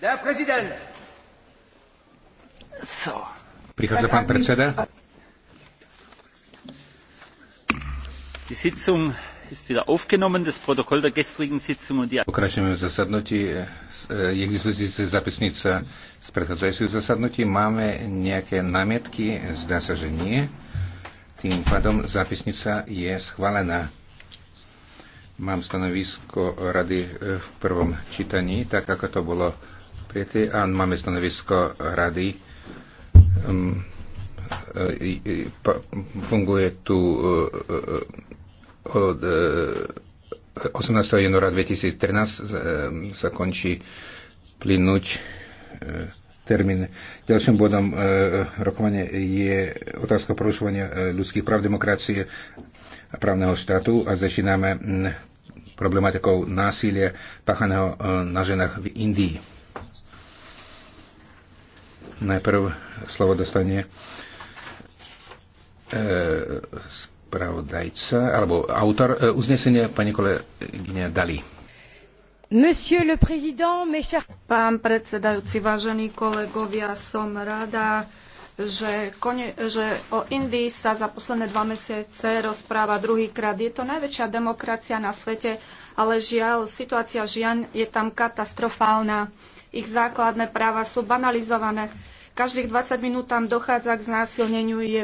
Der Präsident. So. Prichádza pán predseda. Die Sitzung ist wieder aufgenommen. Das Protokoll der gestrigen Sitzung und die... Pokračujeme v zasadnutí. Eh, eh, je k dispozícii zapisnica z predchádzajúcich zasadnutí. Máme nejaké námietky? Zdá sa, že nie. Tým pádom zapisnica je schválená. Mám stanovisko rady e, v prvom čítaní, tak ako to bolo prijaté. A máme stanovisko rady. E, funguje tu e, od 18. januára 2013 sa končí plynúť termín. Ďalším bodom rokovania je otázka porušovania ľudských práv, demokracie a právneho štátu a začíname problematikou násilia páchaného e, na ženách v Indii. Najprv slovo dostane e, spravodajca alebo autor e, uznesenia pani kolegyňa Dali. Pán predsedajúci, vážení kolegovia, som rada, že, kone, že o Indii sa za posledné dva mesiace rozpráva druhýkrát. Je to najväčšia demokracia na svete, ale žiaľ, situácia žian je tam katastrofálna. Ich základné práva sú banalizované. Každých 20 minút tam dochádza k znásilneniu, je